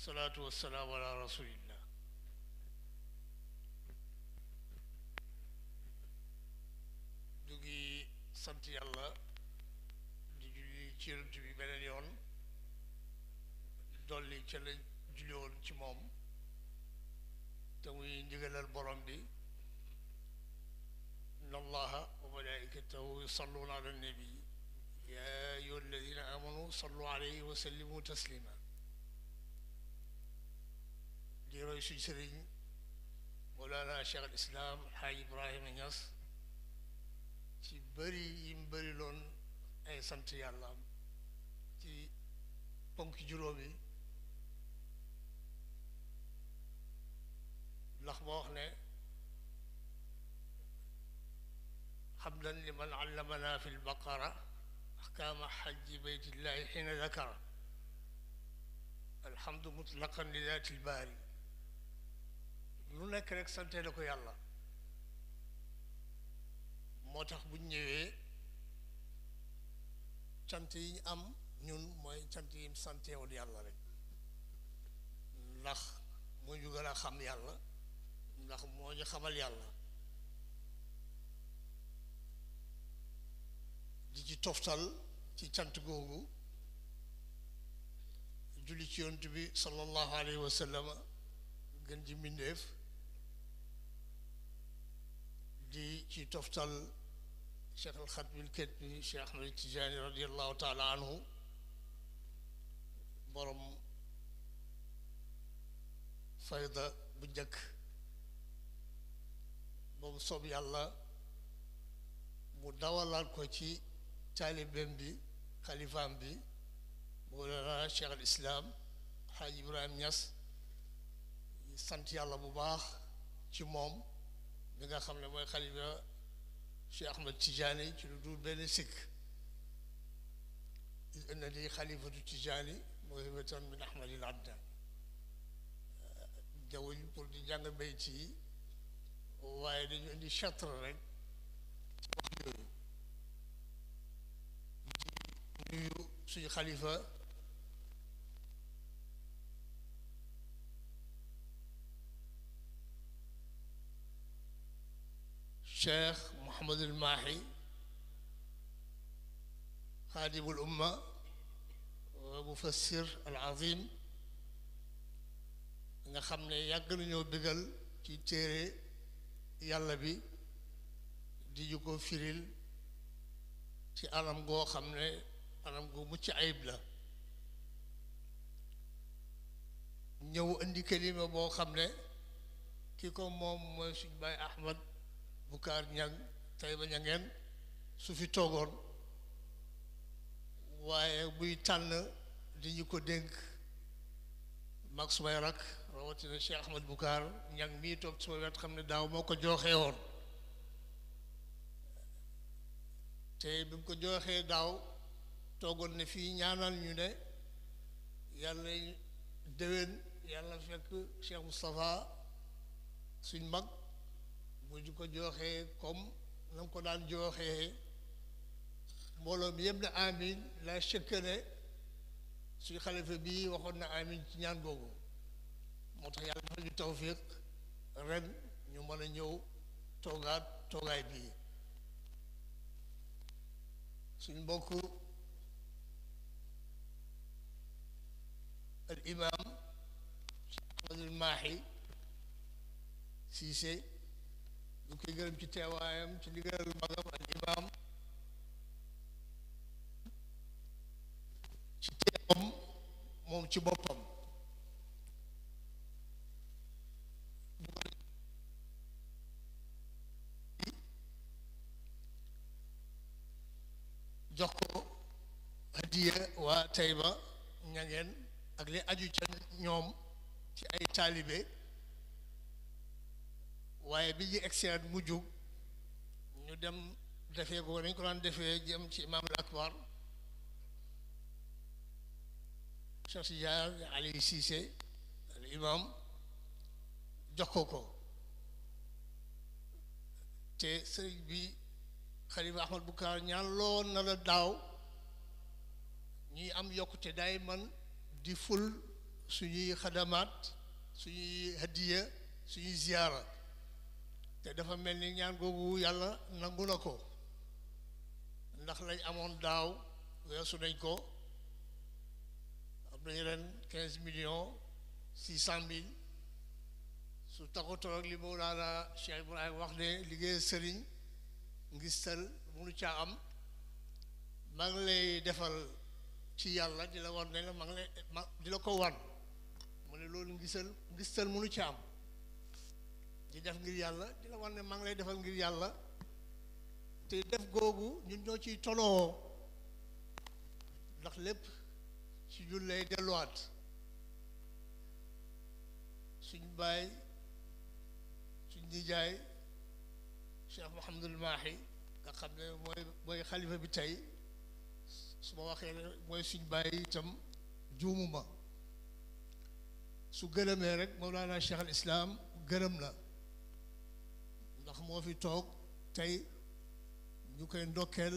wasalaatu wasalaamu ala rasulillah ñu ngi sant yàlla di julli ci yonent bi beneen yoon dolli ca la julli woon ci moom te muy ndigalal borom bi inna allaha wa malaikatahu yusalluuna ala nabi ya ayyuha alladina amanu sallu alayhi wa sallimu taslima شجرين مولانا شيخ الإسلام حي إبراهيم النص تي بري يمبري لون أي سنتي الله تي بونك جروبي لخبوخ نه حبلا لمن علمنا في البقرة أحكام حج بيت الله حين ذكر الحمد مطلقا لذات الباري nekk rek santee la ko yàlla moo tax bu ñëwee cant yi ñu am ñun mooy cant yi mu santeewul yàlla rek ndax moo ñu gën a xam yàlla ndax moo ñu xamal yàlla di ci toftal ci cant googu julli ci yonent bi sallallahu alayhi wa gën ji كي تفضل الشيخ الخطب الكتبي الشيخ أحمد التجاني رضي الله تعالى عنه برم فيضة بجك بوم صبي الله مدوى الله الكوتي تالي بمبي خليفان بي مولانا شيخ الإسلام حاج إبراهيم ياس سنتي الله مباح تي موم bi nga xam ne mooy xalifa Cheikh Ahmed Tidiane ci lu dul benn sikk is na di xalifatu Tidiane mawhibatan min ahmadil abdan jaww ji pour di jàng bayt yi waaye dañu indi chatre rek ci wax yooyu di nuyu suñu xalifa الشيخ محمد الماحي خادم الأمة ومفسر العظيم nga xam ne yàgg nañoo bégal ci téere yàlla bi di ñu ko firil ci anam goo xam ne anam gu mucc ayib la ñëw indi kalima boo xam ne ki ko moom mooy suñ baay Ahmad Bukaar ñag tey ba ñangeen su fi toogoon waaye buy tànn di ñu ko dénk mag sumay rak rawatina Cheikh Ahmad Bukaar ñang mii toog suma wet xam ne daaw moo ko jooxee woon te bi mu ko jooxee daaw toogoon ne fii ñaanal ñu ne yàlla déwén yàlla fekk Cheikh Moustapha suñ mag mu di ko jooxee comme na ko daan jooxee mbooloo mi yëpp ne amin la chëkkane suñu xalifa bii waxoon na amin ci ñaan googu moo tax yàlla dafa ñu tawfiq ren ñu mën a ñëw toogaat toogaay bii suñ mbokk al imam Ahmadul Maahi ñu koy ci teewaayam ci ndigalal magam ak imaam ci teewam moom ci boppam jox ko hadiya waa Tayba ñangeen ak li aju ca ñoom ci ay taalibe waaye bi ñu egseat mu jóg ñu dem defee ko dañ ko daan defee jëm ci imaam al akbar Cheikh Sidiar Ali Cissé al imam jox ko ko te sëriñ bi xalifa Ahmad Bukaar ñaan loon na la daaw ñuy am yokkute daay man di ful suñuy xadamaat suñuy hadiya suñuy ziyaara te dafa mel ni ñaan googu yàlla nangu na ko ndax lañ amoon daaw su nañ ko am nañu ren quinze millions six cent mille su taxutoo ak li mu daana Cheikh Ibrahima wax ne liggéey sëriñ ngi ngistal mënu caa am maa ngi lay defal ci yàlla di la wan ne la lay ma di la ko wan mu ne loolu ngistal ngistal mënu caa am di def ngir yàlla di la wan ne maa ngi lay defal ngir yàlla te def googu ñun ñoo ciy tonoo ndax lépp ci ñun lay delluwaat suñ baay suñ nijaay Cheikh Mouhamadul Mahi nga xam ne mooy mooy xalifa bi tey su ma waxee mooy suñ baay itam juumuma su gërëmee rek Mawlana Cheikh al gërëm la ndax moo fi toog tey ñu koy ndokkeel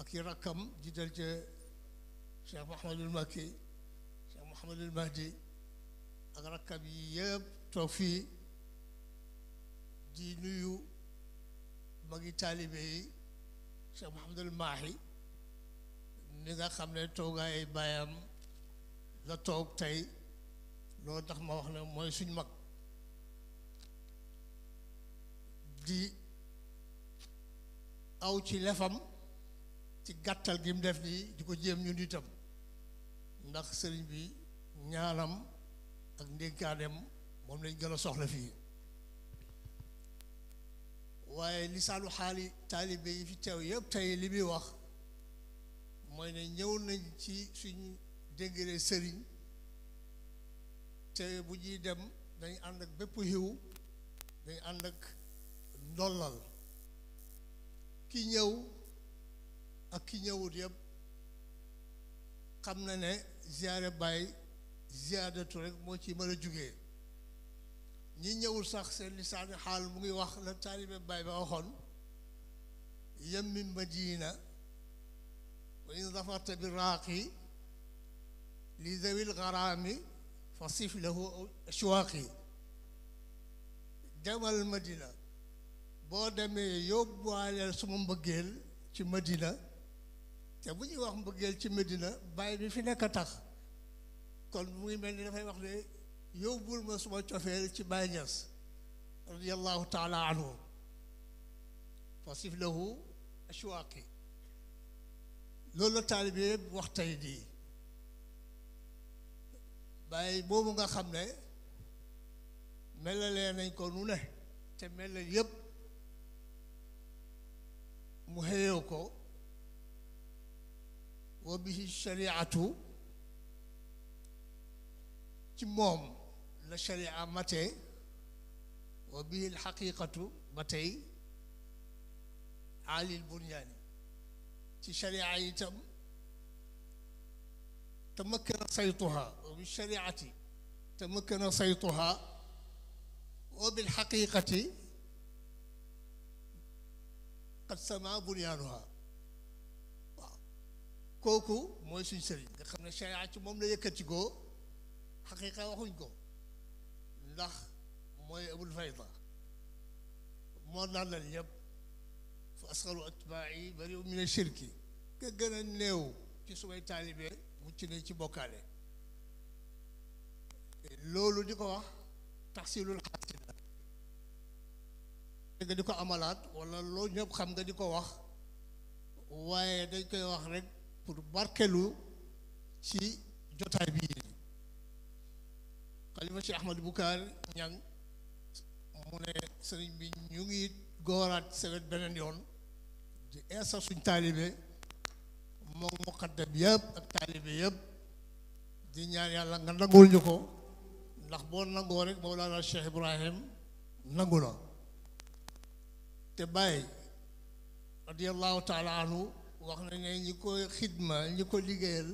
ak i rakkam jiital ca Cheikh Mouhamadul Makki Cheikh Mouhamadul Mahdi ak rakkam yi yëpp toog fii di nuyu magi taalibe yi Cheikh Mouhamadul Mahi ni nga xam ne toogaay bàyyam la toog tey loolu tax ma wax ne mooy suñ mag di aw ci lefam ci gàttal gi mu def nii di ko jéem ñun itam ndax sëriñ bi ñaanam ak ndénkaaneem moom lañ gën a soxla fii waaye lisaanu xaali taalibe yi fi teew yëpp tey li muy wax mooy ne ñëw nañ ci suñu déngiree sëriñ te bu ñuy dem dañ ànd ak bépp xiw dañ ànd ak dollal ki ñëw ak ki ñewul yeb xamna na ne ziyaare baay ziyaadatu rek mo ci mëna juggé ñi ñëwul sax seen lisaani xaal mu ngi wax la talibé bay ba yam min madina wa in dafarta bi raqi li zawi al fa fasif lahu ashwaqi demal madina boo demee yóbbuwaaleel suma mbëggeel ci Medina te bu ñuy wax mbëggeel ci Medina bàyyi bi fi nekk tax kon mu ngi mel ni dafay wax ne yóbbul ma suma cofeel ci Baay Ñas radiyallahu taala anhu fasif lahu ashwaaqi loolu la taalibe yëpp wax tey jii Baay boobu nga xam ne melalee nañ ko nu ne te melal yëpp mu xëyoo ko wa bihi shariatu ci moom la sharia matee wa bihi alxaqiqatu ba tey alil bunyaani ci sharia itam تمكن صيتها وبالشريعة تمكن صيتها وبالحقيقة قد بنيانها كوكو موي سوني سيري دا خامنا شريعه لا ييكاتي كو حقيقه واخوني كو ناخ موي ابو الفيضة مو نال لا ييب اتباعي بري من الشرك كغنا نيو تي سوي طالب مو تي بوكالي لولو ديكو واخ تحصيل الخاتمه nga di ko amalaat wala lo ñep xam nga di ko wax waye dañ koy wax rek pour barkelu ci jotay bi xalifa si ahmad bukaar ñang mo ne serigne bi ñu ngi gorat sewet benen yoon di essa suñ talibé mo muqaddam yeb ak talibé yeb di ñaar yalla nga nangul ñuko ndax bo nangoo rek mawlaana cheikh ibrahim nangu te bàyyi radiallahu taala anhu wax na ne ñi ko xidma ñi ko liggéeyal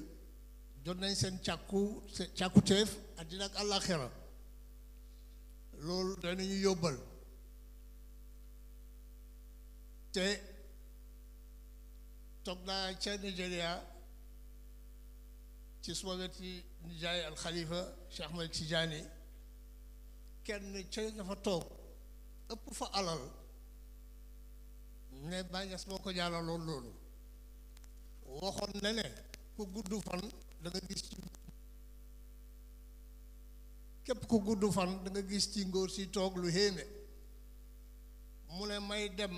jot nañ seen càkku seen càkkuteef àddina ak àllaaxira loolu danañu yóbbal te toog naa ca Nigeria ci suma weti nijaay alxalifa Cheikh Ahmed Tidiane kenn ca nga fa toog ëpp fa alal ne Baay Ñas moo ko jàllaloon loolu waxoon na ne ku gudd fan da nga gis ci képp ku gudd fan danga gis ci ngoor si toog lu héeme mu ne may dem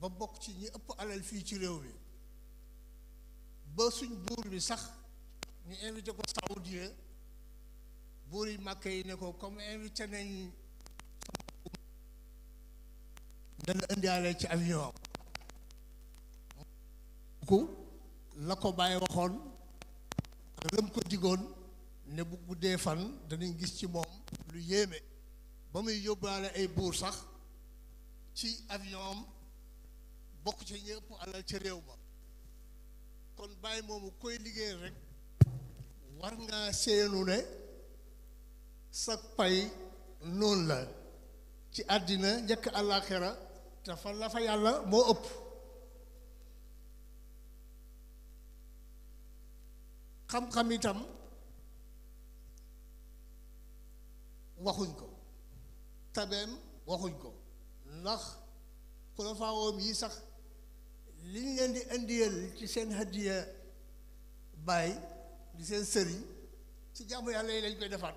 ba bokk ci ñi ëpp alal fii ci réew mi ba suñ buur bi sax ñu invité ko saoudien buur yi màkk yi ne ko comme invité nañ dana indiwaale ci avion ko la ko bàyyi waxoon lëm ko digoon ne bu guddee fan danañ gis ci moom lu yéeme ba muy yóbbaale ay buur sax ci avion bokk ci ñëpp alal ci réew ma kon bàyyi moomu koy liggéey rek war nga seenu ne sa pay noonu la ci àddina njëkk àllaaxira te fa la fa yàlla moo ëpp xam-xam itam waxuñ ko tabeem waxuñ ko ndax xulafaawoom yi sax li ñu leen di indiyal ci seen hadiya baay di seen sëriñ ci jàmm yàlla yi lañ koy defaat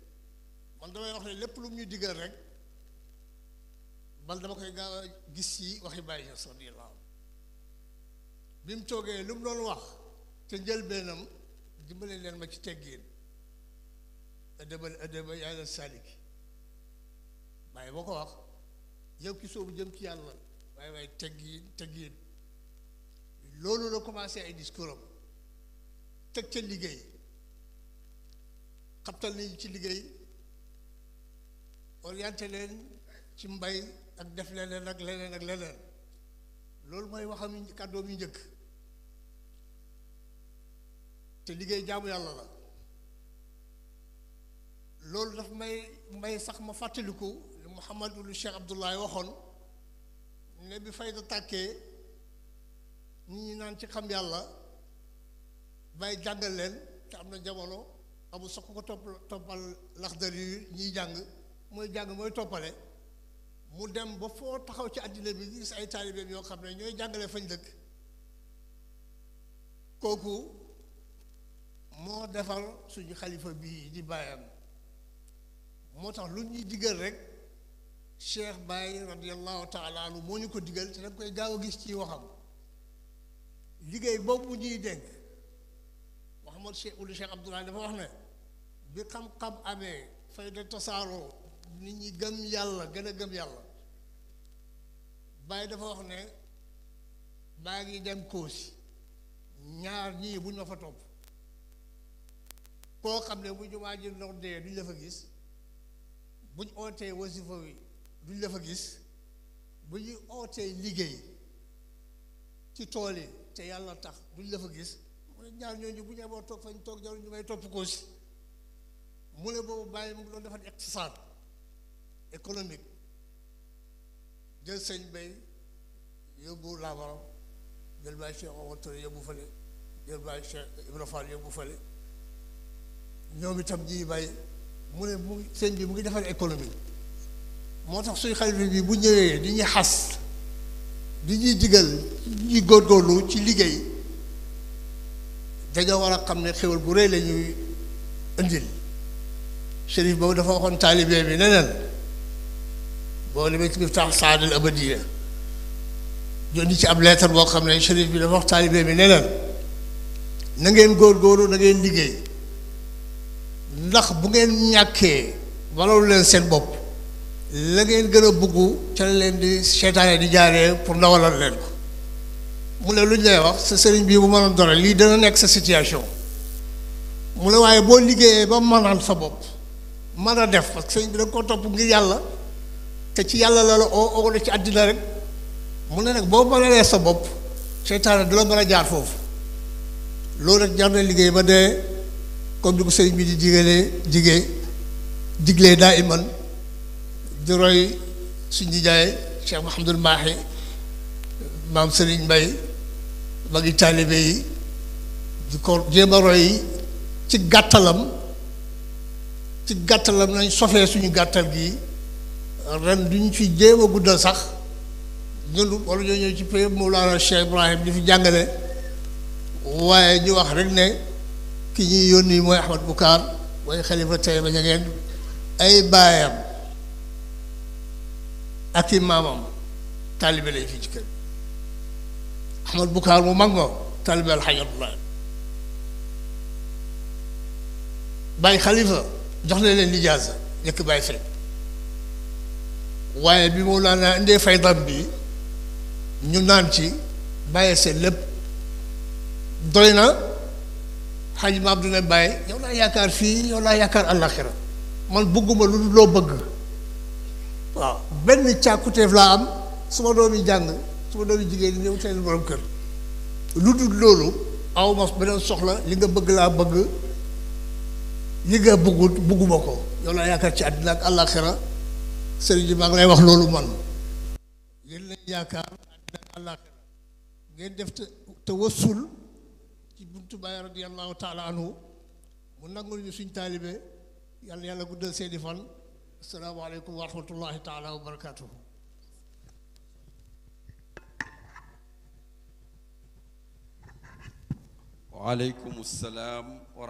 man damay wax ne lépp lu mu ñu digal rek man dama koy gaaw a gis ci waxi Baye Niass radiyallahu bi mu toogee lu mu doon wax te njëlbeenam dimbale leen ma ci teggin adabal adaba yàlla saaliki waaye boo ko wax yow ki soobu jëm ci yàlla waaye waaye teggin teggin loolu la commencé ay discours am teg ca liggéey xabtal nañu ci liggéey orienté leen ci mbay ak def leneen ak leneen ak leneen loolu mooy waxam kàddoom yu njëkk te liggéey jaamu yàlla la loolu daf may mbay sax ma fàttaliku lu Muhammadu lu Cheikh Abdoulaye waxoon ne bi fayda tàkkee nit ñi naan ci xam yàlla bay jàngal leen te am na jamono amul sokk ko topp toppal laxdar yi ñuy jàng moy jàng moy topale mu dem ba fo taxaw ci adina bi gis ay talibé yo xamné ñoy jàngale fañ dëkk koku mo defal suñu khalifa bi di bayam motax lu ñuy digal rek Cheikh Baye radiallahu taala lu moñu ko digal te danga koy gaaw gis ci waxam liggéey boobu ñuy dénk waxamul Cheikh ulu Cheikh Abdoulaye dafa wax ne bi xam-xam amé fayda tasaaroo nit ñi gëm yàlla gën a gëm yàlla Baye dafa wax ne maa ngi dem Koosi ñaar ñii buñ ma fa topp koo xam ne bu jumaa ji noddee duñ la fa gis buñ ootee wasifa wi duñ la fa gis bu ñuy ootee liggéey ci tool yi te yàlla tax duñ la fa gis mu ne ñaar ñooñu bu ñu amoo toog fañ toog jarul ñu may topp Koosi mu ne boobu bàyyi mu doon defar iqtisaad économique jël sëñ bay yóbbu laabaro jël bàyyi Cheikh Omar Touré yóbbu fële jël bàyyi Cheikh Ibra Fall yóbbu fële ñoom itam ñuy bàyyi mu ne mu sëñ bi mu ngi defar économie moo tax suy bi bu ñëwee di ñuy xas di ñuy digal ñuy góorgóorlu ci liggéey dañoo war a xéwal bu rëy la ñuy indil Chérif dafa waxoon taalibe bi neneen boo demee ci Miftaax Saadal Abadiya yónni ci ab leetar boo xam ne chérif bi dafa wax taalibe bi ne leen na ngeen góorgóorlu na ngeen liggéey ndax bu ngeen ñàkkee walalu leen seen bopp la ngeen gën a bugg ca leen di seetaane di jaaree pour ndawalal leen ko mu ne lu ñu lay wax sa sëriñ bii bu mënoon dara lii dana nekk sa situation mu ne waaye boo liggéeyee ba mënaan sa bopp mën a def parce que sëriñ bi da ko topp ngir yàlla te ci yàlla la la oo oo ci àddina rek mu ne nag boo mënalee sa bopp seytaane du la mën a jaar foofu loolu rek jar na liggéey ba dee comme ni ko sëriñ bi di jigéenee jigée diglee daa iman di roy suñu nijaay Cheikh Mahamadul Maahi maam sëriñ Mbay magi taalibe yi di ko jéem a roy ci gàttalam ci gàttalam nañ sofee suñu gàttal gii ren du ñu fi jéem guddal sax ñun wala ñoo ñëw ci pay Mawlana Cheikh Ibrahim di fi jàngale waaye ñu wax rek ne ki ñuy yónni mooy Ahmad Bukaar mooy xalifa tey ba ñangeen ay baayam ak i maamam taalibe lañ fii ci kër Ahmad Bukaar mu mag ma taalibe Alxaj Abdulaay bàyyi xalifa jox na leen lijaasa njëkk bàyyi fekk waaye bi Mawlana indee faydam bi ñu naan ci bàyyi seen lépp doy na xaj ma ab dina bàyyi yow laa yaakaar fii yow laa yaakaar àllaaxira man bëgguma lu waaw benn càkkuteef laa am su ma jàng su ma jigéen ñi ñëw seen borom kër lu dul loolu awma ma beneen soxla li nga bëgg laa bëgg li nga bëggut bëgguma ko yow laa yaakaar ci àddina ak àllaaxira sëriñ bi lay wax loolu man yéen lañ yaakaar àddina def te tawassul ci buntu Baay radiyallahu taala anhu mu nangul ñu suñ taalibe yàlla yàlla guddal seeni fan asalaamaaleykum wa rahmatullahi taala wa barakatuhu